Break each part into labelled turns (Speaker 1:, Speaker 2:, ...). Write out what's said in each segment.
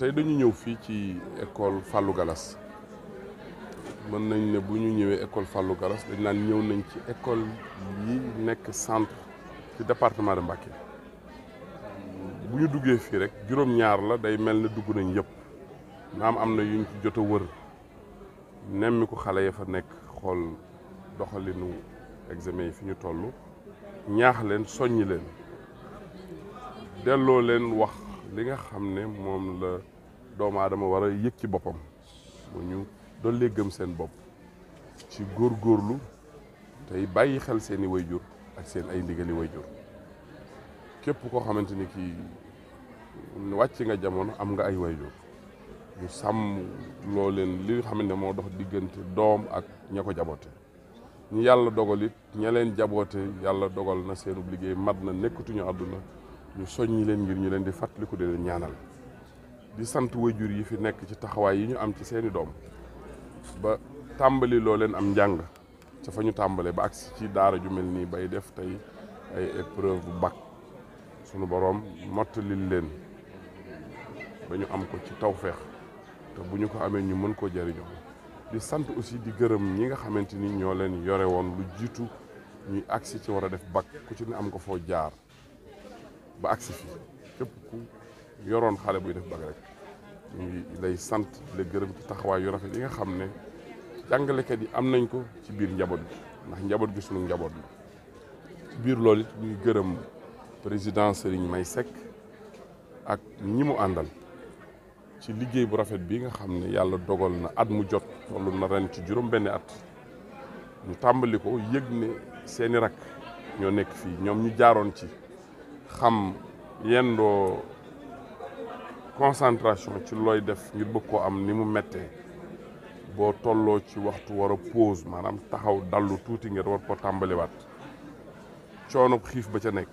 Speaker 1: tey dañu ñëw fii ci école fallu galas mën nañ ne bu ñu ñëwee école fallu Gallas dañ naan ñëw nañ ci école yi nekk sant ci département de Mbacké bu ñu duggee fii rek juróom-ñaar la day mel ne dugg nañ yëpp naam am na yuñ ci jot a wër nemmi ko xale ya fa nekk xool doxalinu examen yi fi ñu toll ñaax leen soññi delloo leen wax li nga xam ne moom la doomu aadama war a yëg ci boppam bu ñu dollee gëm seen bopp ci góor góorlu tey bàyyi xel seen i wayjur ak seen ay ndigali wayjur képp koo xamante ni kii wàcc nga jamono am nga ay wayjur ñu sàmm loo leen li xamante ne moo dox diggante doom ak ña ko jaboote ñu yàlla dogal it ña leen jaboote yàlla dogal na seenub liggéey mat na nekkatuñu àdduna ñu soññi leen ngir ñu leen di fàttaliku di leen ñaanal di sant wajur yi fi nekk ci taxawaay yi ñu am ci seeni doom ba tàmbali loo leen am njàng ca fa ñu tàmbalee ba agsi ci daara ju mel nii bay def tey ay épreuve bac sunu boroom mottalil leen ba ñu am ko ci tawféex te bu ñu ko amee ñu mën koo jëriñoo di sant aussi di gërëm ñi nga xamante ni ñoo leen yore woon lu jiitu ñuy agsi ci war a def bak ku ci ne am ko foo jaar ba agsi fi képp ku yoroon xale buy def bac rek ñu ngi sant di la gërëm ci taxawaay yu rafet yi nga xam ne jàngalekat yi am nañ ko ci biir njaboot gi ndax njaboot gi suñu njaboot ci biir loolu mu ñuy gërëm président Serigne May sek ak ñi mu àndal ci liggéey bu rafet bi nga xam ne yàlla dogal na at mu jot toll na ci juróom benn at ñu tàmbali ko yëg ne seeni rak ñoo nekk fii ñoom ñu jaaroon ci xam yendoo concentration ci looy def ngir bëgg koo am ni mu mette boo tolloo ci waxtu war a pause maanaam taxaw dallu tuuti ngir war ko tàmbaliwaat coonob xiif ba ca nekk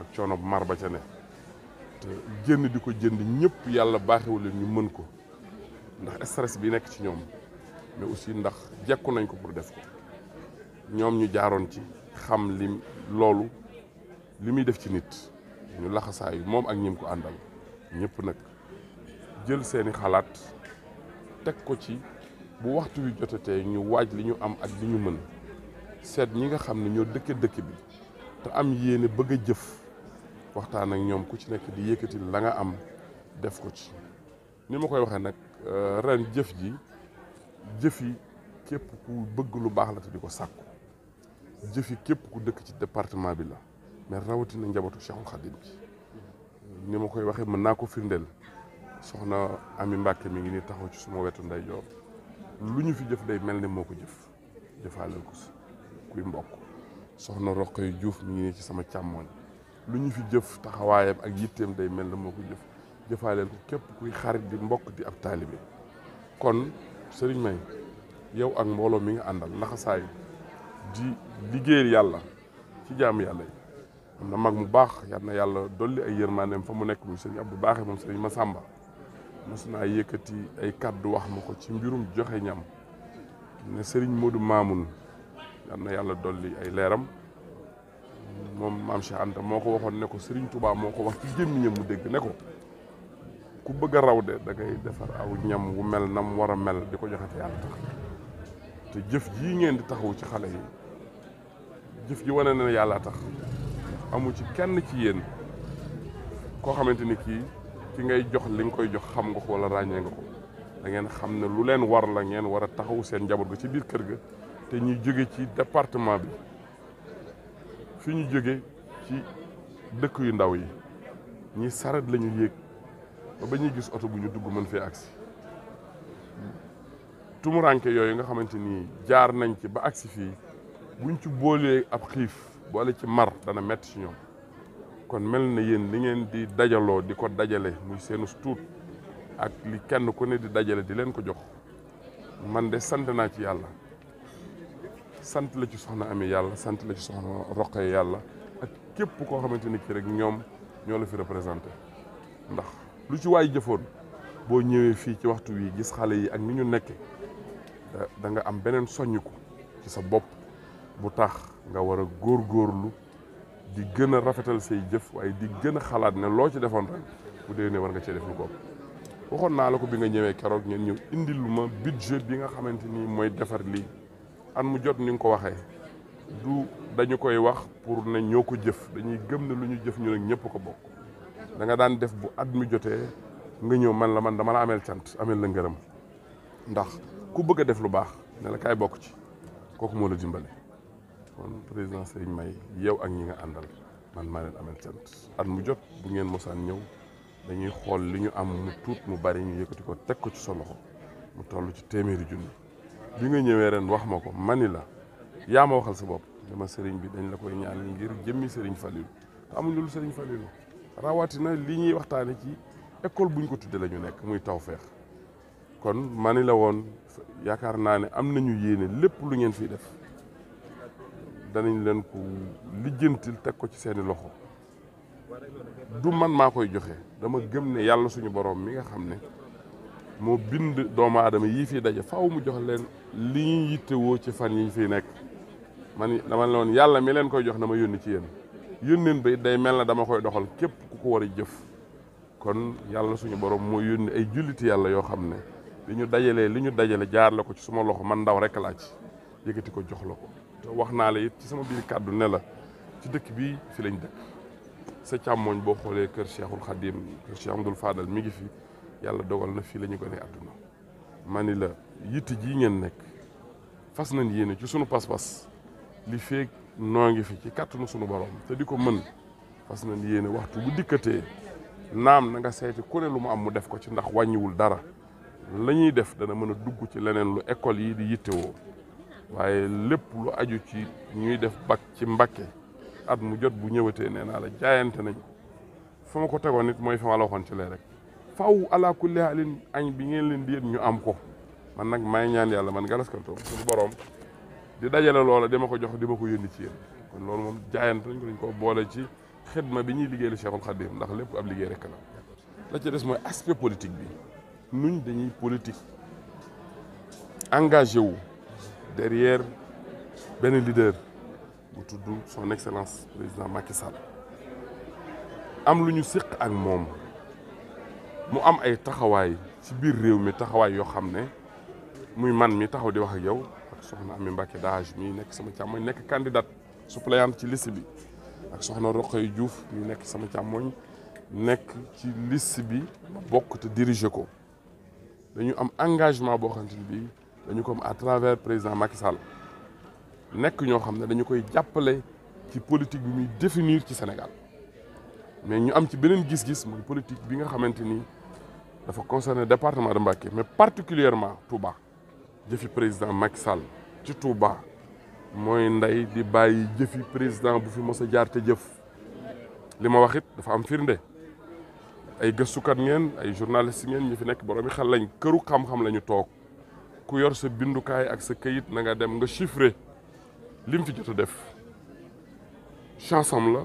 Speaker 1: ak coonob mar ba ca nekk te jënd di ko jënd ñëpp yàlla baaxewul leen ñu mën ko ndax stress bi nekk ci ñoom mais aussi ndax jekku nañ ko pour def ko ñoom ñu jaaroon ci xam lim loolu li muy def ci nit ñu laxasaayu moom ak ñim ko àndal ñëpp nag jël seeni xalaat teg ko ci bu waxtu wi jotatee ñu waaj li ñu am ak li ñu mën seet ñi nga xam ne ñoo dëkke dëkk bi te am yéene bëgg a jëf waxtaan ak ñoom ku ci nekk di yëkkati la nga am def ko ci ni ma koy waxee nag euh, ren jëf ji jëf yi képp ku bëgg lu baax la te di ko sàkku jëf yi képp ku dëkk ci département bi la mais rawatina njabootu Cheikhul Khadim bi ni ma koy waxee mën naa ko firndeel soxna Ami Mbàkke mi ngi nii taxaw ci suma wetu ndeyjoor lu ñu fi jëf day mel ni moo ko jëf jëfaaleel ko si kuy mbokk soxna Roqay Juuf mi ngi nii ci sama càmmoñ lu ñu fi jëf taxawaayam ak yitteem day mel ni moo ko jëf jëfaaleel ko képp kuy xarit di mbokk di ab taalibe kon sëriñ May yow ak mbooloo mi nga àndal laxasaay di liggéeyal yàlla ci jaamu yàlla yi am na mag mu baax yal na yàlla dolli ay yërmandeem fa mu nekk muy sëriñ bu Baaxe moom sëriñ sàmba mos naa ay kàddu wax ma ko ci mbirum joxe ñam ne Serigne Modou Mamoun am na yàlla dolli ay leeram moom maam Cheikh Anta moo ko waxoon ne ko Serigne Touba moo ko wax ci gémmiñam mu dégg ne ko ku bëgg a raw de da defar aw ñam wu mel nam war a mel di ko joxe te yàlla tax te jëf ji ngeen di taxaw ci xale yi jëf ji wane na yàlla tax amu ci kenn ci yéen koo xamante ni kii. ki ngay jox li nga koy jox xam nga ko wala ràññee nga ko da ngeen xam ne lu leen war la ngeen war a taxaw seen njaboot ga ci biir kër ga te ñuy jóge ci département bi fi ñu jóge ci dëkk yu ndaw yi ñi saret la ñu yéeg ba ba ñuy gis oto bu ñu dugg mën fee agsi tumuranke yooyu nga xamante ni jaar nañ ci ba agsi fii buñ ci boolee ab xiif boole ci mar dana metti ci ñoom kon mel na yéen li ngeen di dajaloo di ko dajale muy seenu tuut ak li kenn ku ne di dajale di leen ko jox man de sant naa ci yàlla sant la ci soxna Ami yàlla sant la ci soxna Roqe yàlla ak képp koo xamante ni ki rek ñoom ñoo la fi représenté ndax lu ci waay jëfoon boo ñëwee fii ci waxtu wi gis xale yi ak ni ñu nekke danga am beneen soññiku ci sa bopp bu tax nga war a góorlu di gën a rafetal say jëf waaye di gën a xalaat ne loo ci defoon ren bu dee war nga cee def lu ko waxoon naa la ko bi nga ñëwee keroog ngeen ñëw indil ma budget bi nga xamante ni mooy defar lii an mu jot ni nga ko waxee du dañu koy wax pour ne ñoo ko jëf dañuy gëm ne lu ñu jëf ñu nag ñëpp ko bokk da nga daan def bu at mi jotee nga ñëw man la man dama la ameel cant ameel la ngërëm ndax ku bëgg a def lu baax ne la kaay bokk ci kooku moo la dimbale kon président Serigne May yow ak ñi nga àndal man maa leen amel sant at mu jot bu ngeen mosaan ñëw dañuy xool li ñu am mu tuut mu bari ñu yëkkati ko teg ko ci sa loxo mu toll ci téeméeri junni li nga ñëwee ren wax ma ko mani la yaa ma waxal sa bopp dama sëriñ bi dañ la koy ñaan ngir jëmmi sëriñ Falilou te amuñu lu sëriñ Falilou rawatina li ñuy waxtaane ci école buñ ko tuddee la ñu nekk muy taw feex kon mani la woon yaakaar naa ne am nañu yéene lépp lu ngeen fiy def danañ leen ko lijjantil teg ko ci seeni loxo du man maa koy joxe dama gëm ne yàlla suñu borom mi nga xam ne moo bind doomu aadama yii fii daje faw mu jox leen li ñuy yittewoo ci fan yi fi fiy nekk man dama ne woon yàlla mi leen koy jox na ma yónni ci yéen yónneen ba day mel na dama koy doxal képp ku ko war a jëf kon yàlla suñu borom moo yónni ay julliti yàlla yoo xam ne li ñu dajalee li ñu dajale jaar la ko ci suma loxo man ndaw rek laa ci yëkkati ko jox la ko to wax naa la it ci sama biir kàddu ne la ci dëkk bi fi lañ dëkk sa càmmooñ boo xoolee kër Cheikhul Khadim kër Cheikh Amadou Fadal mi ngi fi yàlla dogal na fii la ñu gënee àdduna ma ni la yitte jii ngeen nekk fas nañ yéene ci sunu pas-pas li feeg noo ngi fi ci kàttanu sunu borom te di ko mën fas nañ yéene waxtu bu dikkatee naam na nga seeti ku lu mu am mu def ko ci ndax wàññiwul dara la def dana mën a dugg ci leneen lu école yi di yittewoo waaye lépp lu aju ci ñuy def bac ci Mbàkke at mu jot bu ñëwatee nee naa la jaayante nañ fa ko tegoon nit mooy fa ma la ci lay rek faw ala kulli haalin añ bi ngeen leen di yéen ñu am ko man nag may ñaan yàlla man Galas Kaltoum suñu borom di dajale loola dama ko jox di ma ko yëndi ci yéen kon loolu moom jaayante nañ ko dañ ko boole ci xidma bi ñuy liggéeyal Cheikhul Khadim ndax lépp ab liggéey rek la la ci des mooy aspect politique bi nuñ dañuy politique engagé wu derrière benn leader bu tudd son excellence président Macky Sall am lu ñu séq ak moom mu am ay taxawaay si biir réew mi taxawaay yoo xam ne muy man mi taxaw di wax ak yow ak soxna Amy Mbacké Daage mi nekk sama càmmoñ nekk candidate suppléante ci liste bi ak soxna Rokhaya Diouf mi nekk sama càmmoñ nekk ci liste bi ma bokk te diriger ko dañu am engagement boo xamante ni bii dañu ko am à travers président Macky Sall nekk ñoo xam ne dañu koy jàppale ci politique bi muy définir ci Sénégal mais ñu am ci beneen gis-gis muy politique bi nga xamante ni dafa concerner département de Mbacké mais particulièrement Touba jëfi président Macky Sall ci Touba mooy ndey di bàyyi jëfi président bu fi mos a jaar te jëf li ma wax it dafa am firnde ay gëstukat ngeen ay journalist ngeen ñu fi nekk boroomi xel lañ këru xam-xam la ñu toog ku yor sa bindukaay ak sa kayit na nga dem nga chiffré lim fi jot a def chansam la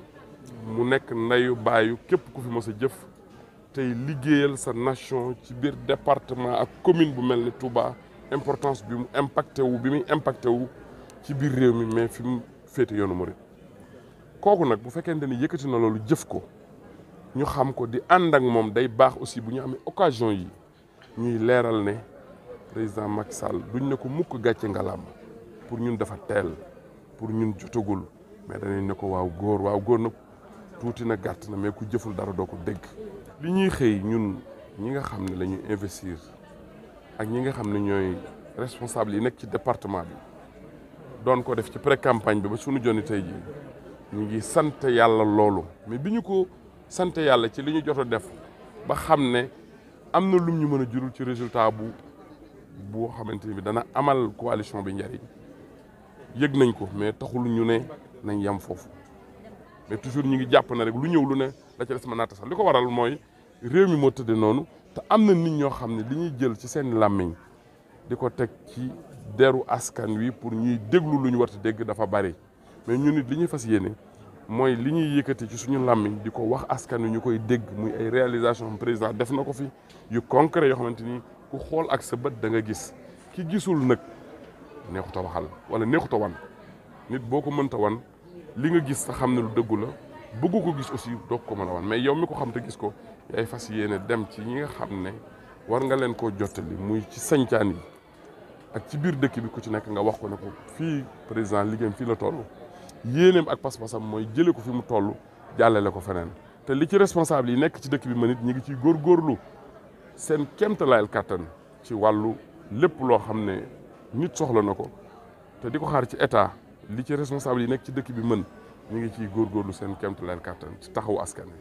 Speaker 1: mu nekk ndeyu baayu képp ku fi mës a jëf tey liggéeyal sa nation ci biir département ak commune bu mel ni Touba importance bi mu impacté wu bi muy impacté wu ci biir réew mi mais fi mu féete yoonu murit kooku nag bu fekkente ni yëkkati na loolu jëf ko ñu xam ko di ànd ak moom day baax aussi bu ñu amee occasion yi ñuy leeral ne président Macky Sall duñ ne ko mukk gàcce ngalaam pour ñun dafa teel pour ñun jotagul mais danañ ne ko waaw góor waaw góor nag tuuti na gàtt na mais ku jëful dara doo ko dégg. li ñuy xëy ñun ñi nga xam ne la ñuy investir ak ñi nga xam ne ñooy responsable yi nekk ci département bi doon ko def ci pré campagne bi ba suñu joni tey ñu ngi sant yàlla loolu mais bi ñu ko sant yàlla ci li ñu jot a def ba ne am na lum ñu mën a jurul ci résultat boo xamante ni bi dana amal coalition bi njariñ yëg nañ ko mais taxul ñu ne nañ yem foofu mais toujours ñu ngi jàpp na rek lu ñëw lu ne la ca des ma naata sax li ko waral mooy réew mi moo tëddee noonu te am na nit ñoo xam ne li ñuy jël ci seen làmmiñ di ko teg ci deru askan wi pour ñuy déglu lu ñu war a dégg dafa bari mais ñun nit li ñuy fas yéene mooy li ñuy yëkkati ci suñu làmmiñ di ko wax askan wi ñu koy dégg muy ay réalisation président def na ko fi yu xamante ni ku xool ak sa bët da gis ki gisul nag neexut a waxal wala neexuto wan nit boo ko mënta wan li nga gis sa xam ne lu dëggu la bëgg ko gis aussi doog ko mën a wan mais yow mi ko xam te gis ko yaay fas yéene dem ci ñi nga xam ne war nga leen koo jottali muy ci sañcaan yi ak ci biir dëkk bi ku ci nekk nga wax ko ne ko fii président liggéeyam fii la toll yéeneem ak pas-pasam mooy jëlee ko fi mu toll jàllale ko feneen te li ci responsable yi nekk ci dëkk bi ma nit ñi ngi ciy góorgóorlu seen kéemtalaayal kàttan ci wàllu lépp loo xam ne nit soxla na ko te di ko xar ci état li ci responsable yi nekk ci dëkk bi mën ñu ngi ciy góorgóorlu seen kéemtalaayal kàttan ci taxawu askan wi.